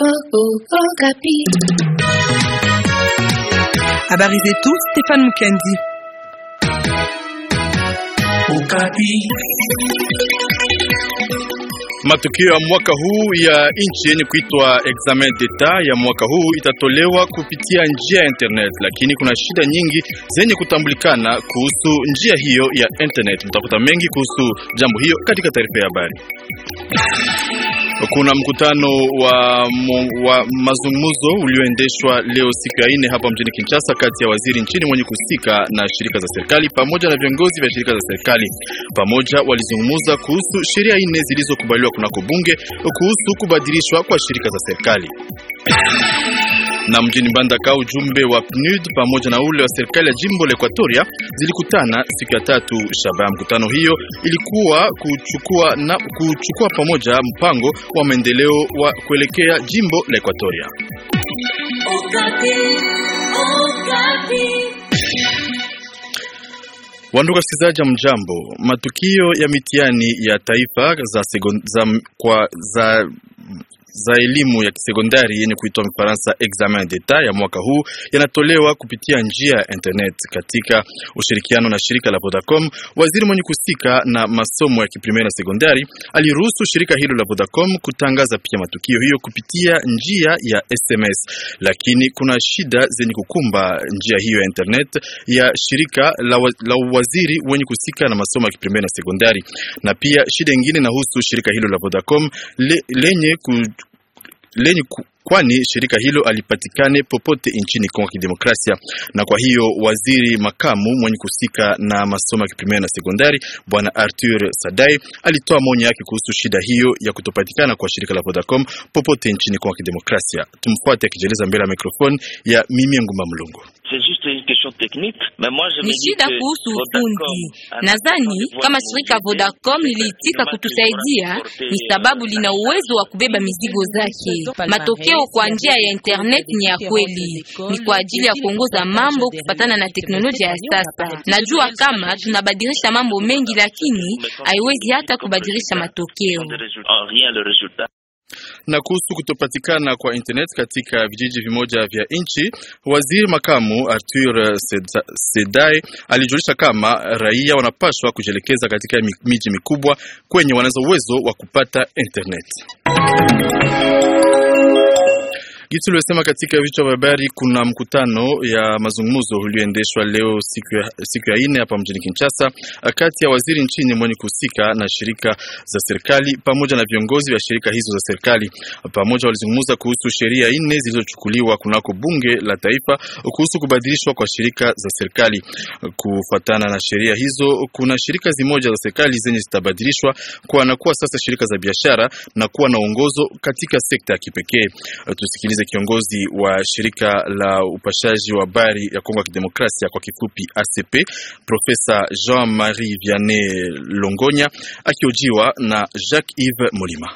Oh, oh, habari zetu Stéphane Mukendi. matukio ya mwaka huu ya nchi yenye kuitwa examen d'etat ya mwaka huu itatolewa kupitia njia ya internet, lakini kuna shida nyingi zenye kutambulikana kuhusu njia hiyo ya internet. Mtakuta mengi kuhusu jambo hiyo katika taarifa ya habari. Kuna mkutano wa, wa mazungumzo ulioendeshwa leo siku ya nne hapa mjini Kinshasa kati ya waziri nchini mwenye kuhusika na shirika za serikali pamoja na viongozi vya shirika za serikali. Pamoja walizungumza kuhusu sheria nne zilizokubaliwa kunako bunge kuhusu kubadilishwa kwa shirika za serikali. Na mjini Mbandaka, ujumbe wa PNUD pamoja na ule wa serikali ya jimbo la Equatoria zilikutana siku ya tatu. Shabaha mkutano hiyo ilikuwa kuchukua, na, kuchukua pamoja mpango wa maendeleo wa kuelekea jimbo la Equatoria. Wandugu wasikilizaji, mjambo. Matukio ya mitihani ya taifa za, segon, za, kwa, za za elimu ya kisekondari yenye kuitwa Mfaransa examen d'etat ya mwaka huu yanatolewa kupitia njia ya internet katika ushirikiano na shirika la Vodacom. Waziri mwenye kusika na masomo ya kiprimeri na sekondari aliruhusu shirika hilo la Vodacom kutangaza pia matukio hiyo kupitia njia ya SMS, lakini kuna shida zenye kukumba njia hiyo ya internet ya shirika la, wa, la waziri wenye kusika na masomo ya kiprimeri na sekondari, na pia shida ingine inahusu shirika hilo la Vodacom le, lenye ku Lênico kwani shirika hilo alipatikane popote nchini Kongo Kidemokrasia. Na kwa hiyo waziri makamu mwenye kusika na masomo ya kiprimari na sekondari bwana Arthur Sadai alitoa maoni yake kuhusu shida hiyo ya kutopatikana kwa shirika la Vodacom popote nchini Kongo Kidemokrasia. Tumfuate akijieleza mbele ya mikrofoni ya Mimi Ngumba Mlungu. Ni shida kuhusu ufundi. Nadhani kama shirika Vodacom liliitika kutusaidia ni sababu euh, lina uwezo wa kubeba mizigo zake. Matokeo matokeo kwa njia ya internet ni ya kweli, ni kwa ajili ya kuongoza mambo kufatana na teknolojia ya sasa. Najua kama tunabadilisha mambo mengi, lakini haiwezi hata kubadilisha matokeo na kuhusu kutopatikana kwa internet katika vijiji vimoja vya nchi, waziri makamu Arthur Sedai alijulisha kama raia wanapaswa kujielekeza katika miji mikubwa kwenye wanazo uwezo wa kupata internet. Kitu uliosema katika vichwa vya habari, kuna mkutano ya mazungumzo ulioendeshwa leo siku ya, siku ya ine hapa mjini Kinshasa kati ya waziri nchini mwenye kuhusika na shirika za serikali pamoja na viongozi wa shirika hizo za serikali. Pamoja walizungumza kuhusu sheria nne zilizochukuliwa kunako bunge la taifa kuhusu kubadilishwa kwa shirika za serikali. Kufuatana na sheria hizo, kuna shirika zimoja za serikali zenye zitabadilishwa kuwa na kuwa sasa shirika za biashara na kuwa na uongozo katika sekta ya kipekee. Tusikilize Moise, kiongozi wa shirika la upashaji wa habari ya Kongo ya Kidemokrasia kwa kifupi ACP, Profesa Jean-Marie Vianney Longonya, akiojiwa na Jacques Yves Molima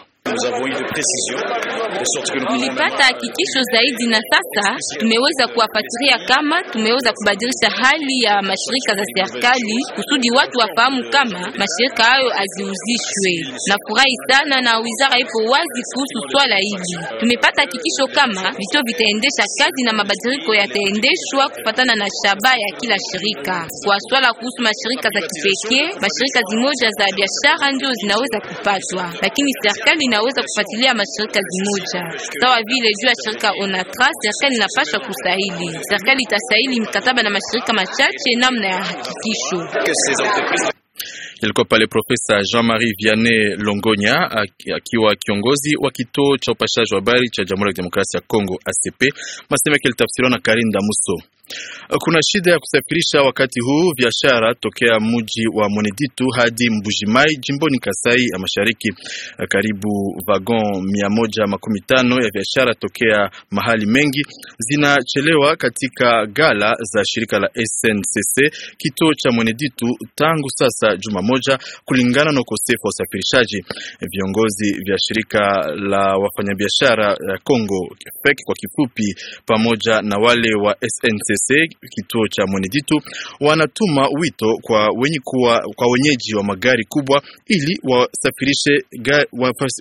tulipata hakikisho zaidi, na sasa tumeweza kuwafatiria kama tumeweza kubadilisha hali ya mashirika za serikali kusudi watu wafahamu kama mashirika hayo aziuzishwe. na furahi sana na wizara ipo wazi kuhusu swala hili. Tumepata hakikisho kama vituo vitaendesha kazi na mabadiliko yataendeshwa kufatana na shaba ya kila shirika. Kwa swala kuhusu mashirika za kipekee, mashirika zimoja za biashara ndio zinaweza kupatwa, lakini serikali inaweza kufuatilia mashirika zimoja moja, sawa vile juu ya shirika Onatra. Serikali inapaswa kustahili, serikali itastahili mkataba na mashirika machache namna ya hakikisho. Ilikuwa pale Profesa Jean-Marie Vianney Longonya akiwa kiongozi wa kituo cha upashaji wa habari cha Jamhuri ya Kidemokrasia ya Kongo ACP. Masema yake yalitafsiriwa na Karinda Muso. Kuna shida ya kusafirisha wakati huu biashara tokea mji wa Mweneditu hadi Mbujimai jimboni Kasai ya Mashariki. Karibu vagon 115 ya biashara tokea mahali mengi zinachelewa katika gala za shirika la SNCC kituo cha Mweneditu tangu sasa juma moja, kulingana na ukosefu wa usafirishaji. Viongozi vya shirika la wafanyabiashara ya Kongo kwa kifupi, pamoja na wale wa SNCC RC kituo cha Mweneditu wanatuma wito kwa, wenye kuwa, kwa wenyeji wa magari kubwa ili wasafirishe,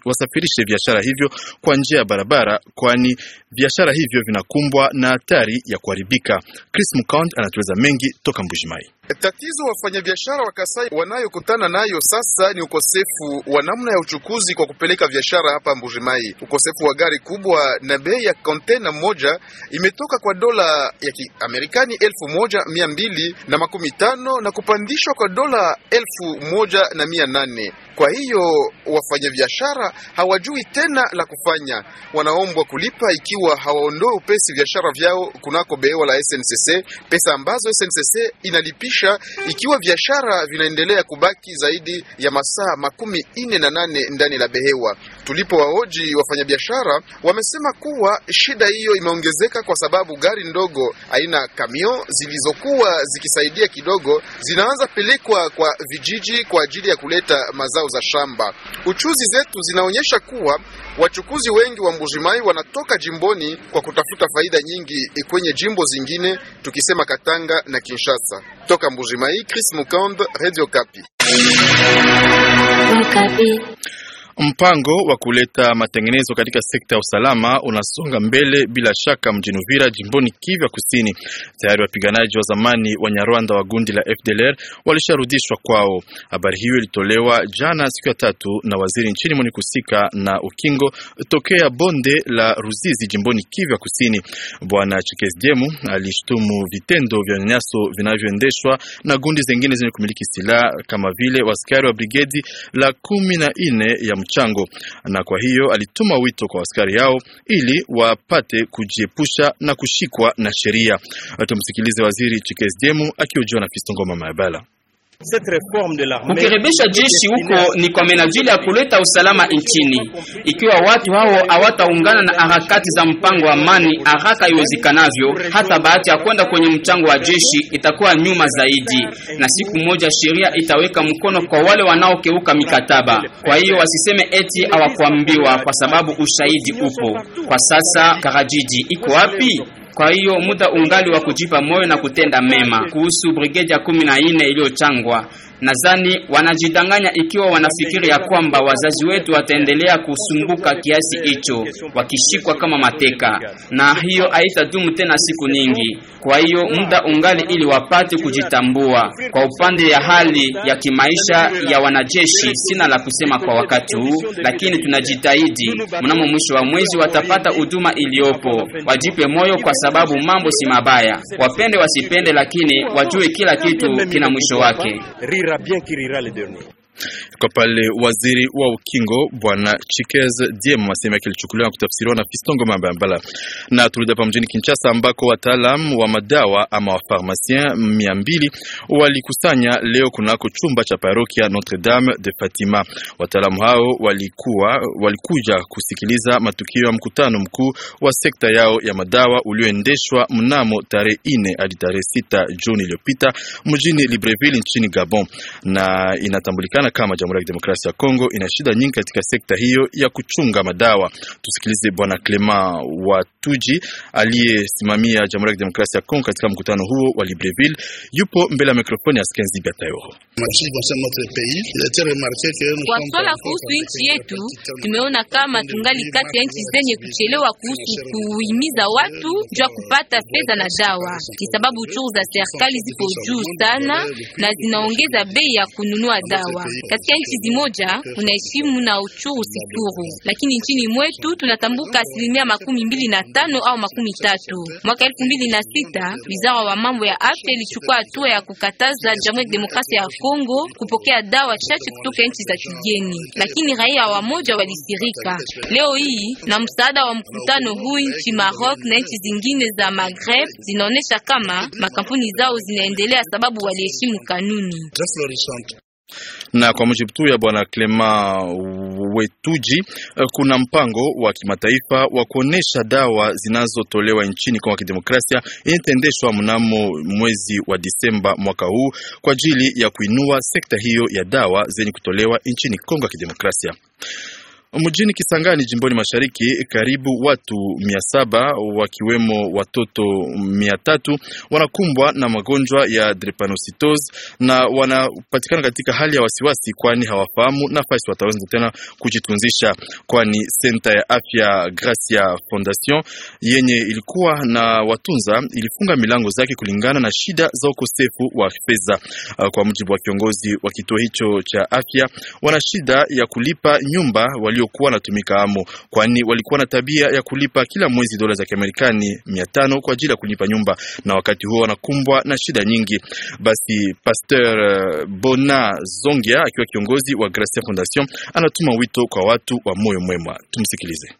wasafirishe biashara hivyo kwa njia ya barabara, kwani biashara hivyo vinakumbwa na hatari ya kuharibika. Chris Mcount anatueleza mengi toka Mbujimai. Tatizo wafanyabiashara wa Kasai wanayokutana nayo sasa ni ukosefu wa namna ya uchukuzi kwa kupeleka biashara hapa Mbujimai. Ukosefu wa gari kubwa na bei ya kontena moja imetoka kwa dola ya Kiamerikani elfu moja mia mbili na makumi tano na kupandishwa kwa dola elfu moja na mia nane. Kwa hiyo wafanyabiashara hawajui tena la kufanya, wanaombwa kulipa ikiwa hawaondoe upesi biashara vyao kunako behewa la SNCC, pesa ambazo SNCC inalipisha ikiwa biashara vinaendelea kubaki zaidi ya masaa makumi ine na nane ndani la behewa. Tulipowahoji wafanyabiashara, wamesema kuwa shida hiyo imeongezeka kwa sababu gari ndogo aina kamio zilizokuwa zikisaidia kidogo zinaanza pelekwa kwa vijiji kwa ajili ya kuleta mazao za shamba. Uchuzi zetu zinaonyesha kuwa wachukuzi wengi wa Mbujimai wanatoka jimboni kwa kutafuta faida nyingi kwenye jimbo zingine, tukisema Katanga na Kinshasa. Toka Mbujimai, Chris Mukambe, Radio Kapi. Mpango wa kuleta matengenezo katika sekta ya usalama unasonga mbele bila shaka mjini Uvira jimboni Kivu ya Kusini. Tayari wapiganaji wa zamani wa Nyarwanda wa gundi la FDLR walisharudishwa kwao. Habari hiyo ilitolewa jana siku ya tatu na waziri nchini mwenye kusika na ukingo tokea bonde la Ruzizi jimboni Kivu ya Kusini. Bwana Chekesdiemu alishtumu vitendo vya unyanyaso vinavyoendeshwa na gundi zengine zenye kumiliki silaha kama vile waskari wa brigedi la kumi na nne ya mchango, na kwa hiyo alituma wito kwa askari yao ili wapate kujiepusha na kushikwa na sheria. Tumsikilize Waziri Chikesdemu akihojiwa na Fistongo Mabala. Kukirebesha jeshi huko ni kwa menajili ya kuleta usalama nchini. Ikiwa watu hao hawataungana na harakati za mpango wa amani haraka iwezekanavyo, hata bahati ya kwenda kwenye mchango wa jeshi itakuwa nyuma zaidi, na siku moja sheria itaweka mkono kwa wale wanaokeuka mikataba. Kwa hiyo wasiseme eti hawakuambiwa, kwa sababu ushahidi upo. Kwa sasa Karajiji iko wapi? Kwa hiyo muda ungali wa kujipa moyo na kutenda mema. Kuhusu brigedi ya kumi na nne iliyochangwa Nadhani wanajidanganya ikiwa wanafikiri ya kwamba wazazi wetu wataendelea kusumbuka kiasi hicho wakishikwa kama mateka, na hiyo haitadumu tena siku nyingi. Kwa hiyo muda ungali ili wapate kujitambua. Kwa upande ya hali ya kimaisha ya wanajeshi, sina la kusema kwa wakati huu, lakini tunajitahidi. Mnamo mwisho wa mwezi watapata huduma iliyopo. Wajipe moyo, kwa sababu mambo si mabaya, wapende wasipende, lakini wajue kila kitu kina mwisho wake. aura bien qui rira le dernier. Kwa pale waziri wa ukingo bwana Chikez Diema masema kilichukuliwa na kutafsiriwa na Fistongo Ngoma Mbambala. Na turudi hapa mjini Kinshasa ambako wataalam wa madawa ama wa farmasien 200 walikusanya leo kunako chumba cha parokia Notre Dame de Fatima. Wataalamu hao walikuwa walikuja kusikiliza matukio ya mkutano mkuu wa sekta yao ya madawa ulioendeshwa mnamo tarehe 4 hadi tarehe 6 Juni iliyopita mjini Libreville nchini Gabon na inatambulikana Inaonekana kama Jamhuri ya kidemokrasia ya Kongo ina shida nyingi katika sekta hiyo ya kuchunga madawa. Tusikilize Bwana Clement Watuji aliyesimamia Jamhuri ya Kidemokrasia ya Kongo katika mkutano huo wa Libreville. Yupo mbele ya mikrofoni ya Skenzi Gatayoro. Kwa swala kuhusu nchi yetu, tumeona kama tungali kati ya nchi zenye kuchelewa kuhusu kuhimiza watu jua kupata fedha na dawa, ni sababu uchuru za serikali zipo juu sana na zinaongeza bei ya kununua dawa katika nchi zimoja unaheshimu na uchuru sikuru, lakini nchini mwetu tunatambuka asilimia makumi mbili na tano au makumi tatu. Mwaka elfu mbili na sita wizara wa mambo ya afya ilichukua hatua ya kukataza Jamhuri ya Demokrasia ya Kongo kupokea dawa chache kutoka nchi za kigeni, lakini raia wamoja walisirika. Leo hii na msaada wa mkutano huu, nchi Maroc na nchi zingine za Maghreb zinaonesha kama makampuni zao zinaendelea sababu waliheshimu kanuni na kwa mujibu tu ya bwana Clement Wetuji, eh, kuna mpango wa kimataifa wa kuonesha dawa zinazotolewa nchini Kongo ya Kidemokrasia inatendeshwa mnamo mwezi wa Disemba mwaka huu kwa ajili ya kuinua sekta hiyo ya dawa zenye kutolewa nchini Kongo ya Kidemokrasia. Mjini Kisangani jimboni mashariki, karibu watu mia saba wakiwemo watoto mia tatu wanakumbwa na magonjwa ya drepanocytosis na wanapatikana katika hali ya wasiwasi, kwani hawafahamu nafasi wataweza tena kujitunzisha, kwani senta ya afya Gracia Fondation yenye ilikuwa na watunza ilifunga milango zake kulingana na shida za ukosefu wa fedha. Kwa mujibu wa kiongozi wa kituo hicho cha afya, wana shida ya kulipa nyumba walio waliokuwa wanatumika amo, kwani walikuwa na tabia ya kulipa kila mwezi dola za Kiamerikani 500 kwa ajili ya kulipa nyumba, na wakati huo wanakumbwa na shida nyingi. Basi Pasteur eh, Bona Zongia akiwa kiongozi wa Gracia Foundation anatuma wito kwa watu wa moyo mwema, tumsikilize.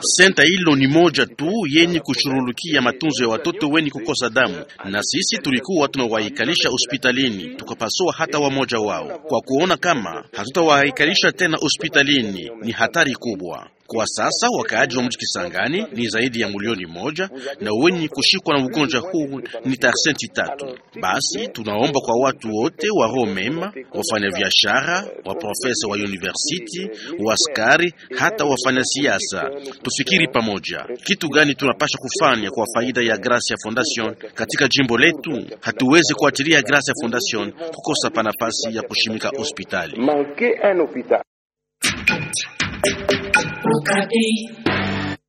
Senta hilo ni moja tu yenye kushughulikia matunzo ya watoto wenye kukosa damu, na sisi tulikuwa tunawaikalisha hospitalini, tukapasua hata wamoja wao. Kwa kuona kama hatutawaikalisha tena hospitalini, ni hatari kubwa. Kwa sasa wakaaji wa mji Kisangani ni zaidi ya milioni moja na wenye kushikwa na ugonjwa huu ni tarsenti tatu. Basi tunaomba kwa watu wote wa roho mema, wafanya biashara, profesa wa university, waskari, hata wafanya siasa, tufikiri pamoja kitu gani tunapasha kufanya kwa faida ya Gracia Foundation katika jimbo letu. Hatuwezi kuachilia Gracia Foundation kukosa nafasi ya kushimika hospitali. Ukapi.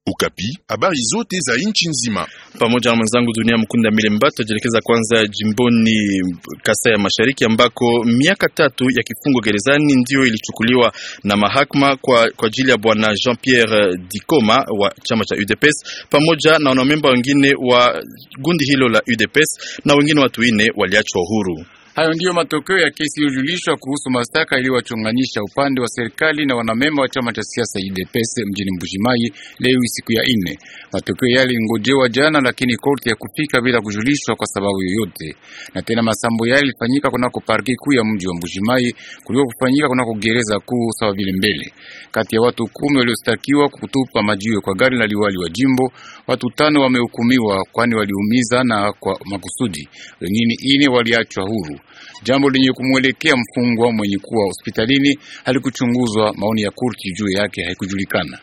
Ukapi, habari zote za nchi nzima pamoja na mwenzangu dunia mkunda mile mbato. Tunajielekeza kwanza jimboni Kasai ya Mashariki ambako miaka tatu ya kifungo gerezani ndio ilichukuliwa na mahakama kwa, kwa ajili ya bwana Jean-Pierre Dikoma wa chama cha UDPS pamoja na wanamemba wengine wa gundi hilo la UDPS na wengine watu ine waliachwa huru. Hayo ndiyo matokeo ya kesi iliyojulishwa kuhusu mashtaka iliyowachonganisha upande wa serikali na wanamemba wa chama cha siasa UDPS mjini Mbujimayi leo siku ya nne. Matokeo yale ilingojewa jana, lakini korti ya kupika bila kujulishwa kwa sababu yoyote. Na tena masambo yale yalifanyika kunako parki kuu ya mji wa Mbujimayi kuliko kufanyika kunako gereza kuu sawa vile mbele. Kati ya watu kumi waliostakiwa kutupa majiwe kwa gari la liwali wa jimbo, watu tano wamehukumiwa kwani waliumiza na kwa makusudi, wengine ine waliachwa huru jambo lenye kumwelekea mfungwa mwenye kuwa hospitalini halikuchunguzwa. Maoni ya kurti juu yake haikujulikana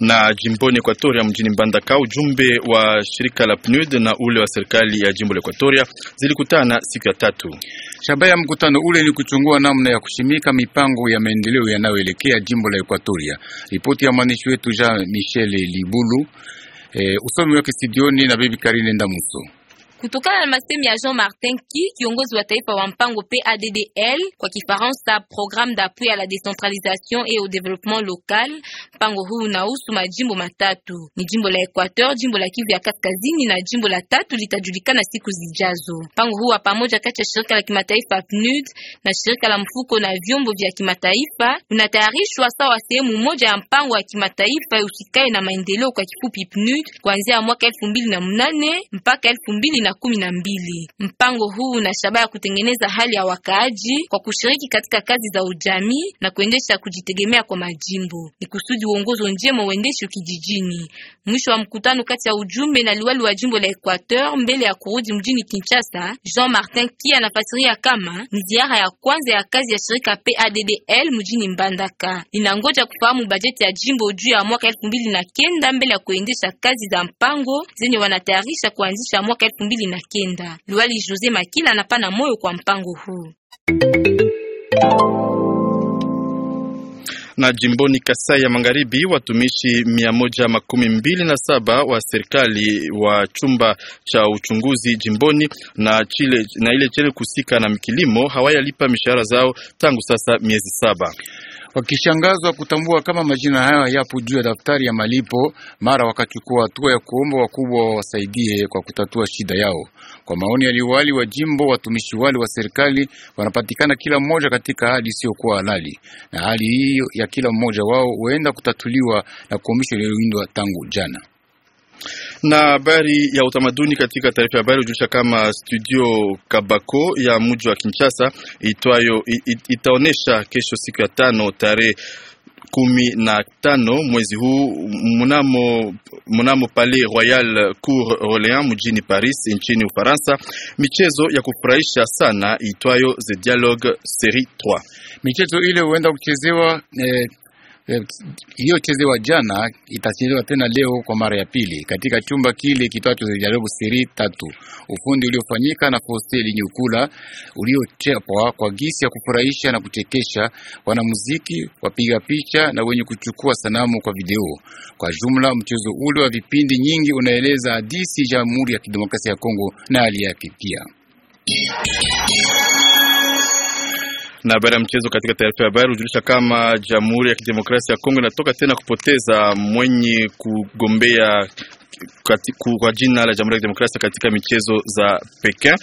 na jimboni Ekwatoria mjini Mbandaka, ujumbe wa shirika la PNUD na ule wa serikali ya jimbo la Ekwatoria zilikutana siku ya tatu. Shabaha ya mkutano ule ni kuchungua namna ya kushimika mipango ya maendeleo yanayoelekea jimbo la equatoria Ripoti ya mwandishi wetu Jean Michel Libulu, eh, usomi wake studioni na bibi Karine Ndamuso. Kutokana na masemi ya Jean Martin Ki, kiongozi wa taifa wa mpango PADDL kwa Kifaransa, programme d'appui à la décentralisation et au développement local. Mpango huu unahusu majimbo matatu, ni jimbo la Equateur, jimbo la Kivu ya Kaskazini na jimbo la tatu litajulikana siku zijazo. Mpango huu wa pamoja kati ya shirika la kimataifa PNUD na shirika la mfuko na vyombo vya kimataifa unatayarishwa sawa sehemu moja ya mpango wa kimataifa usikae na maendeleo, kwa kifupi PNUD, kuanzia mwaka 2008 mpaka 2000 na kumi na mbili. Mpango huu una shabaha ya kutengeneza hali ya wakaaji kwa kushiriki katika kazi za ujamii na kuendesha kujitegemea kwa majimbo, ni kusudi uongozo njema uendeshwe kijijini. Mwisho wa mkutano kati ya ujumbe na liwali wa jimbo la Equateur mbele ya kurudi mjini Kinshasa, Jean Martin Kia anafasiria kama ni ziara ya kwanza ya kazi ya shirika PADDL mjini Mbandaka, linangoja kufahamu bajeti ya jimbo juu ya mwaka elfu mbili na kenda mbele ya kuendesha kazi za mpango zenye wanatayarisha kuanzisha mwaka elfu mbili mbili na kenda. Luali Jose Makila anapana moyo kwa mpango huu na jimboni Kasai ya Magharibi, watumishi mia moja makumi mbili na saba wa serikali wa chumba cha uchunguzi jimboni na, chile, na ile chele kusika na kilimo hawayalipa mishahara zao tangu sasa miezi saba wakishangazwa kutambua kama majina hayo yapo juu ya daftari ya malipo, mara wakachukua hatua ya kuomba wakubwa wasaidie kwa kutatua shida yao. Kwa maoni ya liwali wa jimbo, watumishi wale wa serikali wanapatikana kila mmoja katika hali isiyokuwa halali, na hali hiyo ya kila mmoja wao huenda kutatuliwa na komisho iliyoundwa tangu jana. Na habari ya utamaduni katika taarifa ya habari hujulisha kama studio Kabako ya mji wa Kinshasa itwayo it, itaonesha kesho siku ya tano tarehe kumi na tano mwezi huu mnamo, mnamo Palais Royal Cour Orleans mjini Paris nchini Ufaransa, michezo ya kufurahisha sana itwayo The Dialogue Serie 3. Michezo ile huenda kuchezewa eh, iliyochezewa eh, jana itachezewa tena leo kwa mara ya pili katika chumba kile kitwacho Jaribu Siri tatu. Ufundi uliofanyika na Faustin Nyukula uliochepwa kwa gisi ya kufurahisha na kuchekesha wanamuziki, wapiga picha na wenye kuchukua sanamu kwa video. Kwa jumla, mchezo ule wa vipindi nyingi unaeleza hadithi ya Jamhuri ya Kidemokrasia ya Kongo na hali yake pia na habari ya mchezo katika taarifa ya habari hujulisha kama Jamhuri ya Kidemokrasia ya Kongo inatoka tena kupoteza mwenye kugombea kwa jina la Jamhuri ya Demokrasia katika michezo za pekee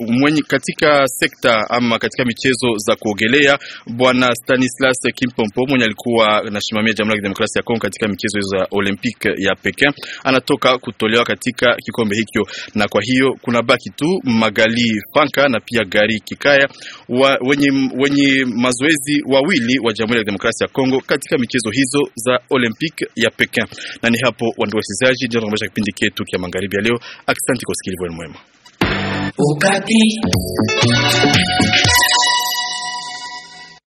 mwenye katika sekta ama katika michezo za kuogelea, bwana Stanislas Kimpompo mwenye alikuwa anasimamia Jamhuri ya Demokrasia ya Kongo katika michezo za Olympic ya pekee anatoka kutolewa katika kikombe hicho, na kwa hiyo kuna baki tu Magali Panka na pia Gari Kikaya wa, wenye, wenye mazoezi wawili wa Jamhuri ya Demokrasia ya Kongo katika michezo hizo za Olympic ya pekee. Na ni hapo wandugu wasikilizaji tunakomesha kipindi chetu kia magharibi ya leo. Asante kwa usikilivu mwema. Ukati.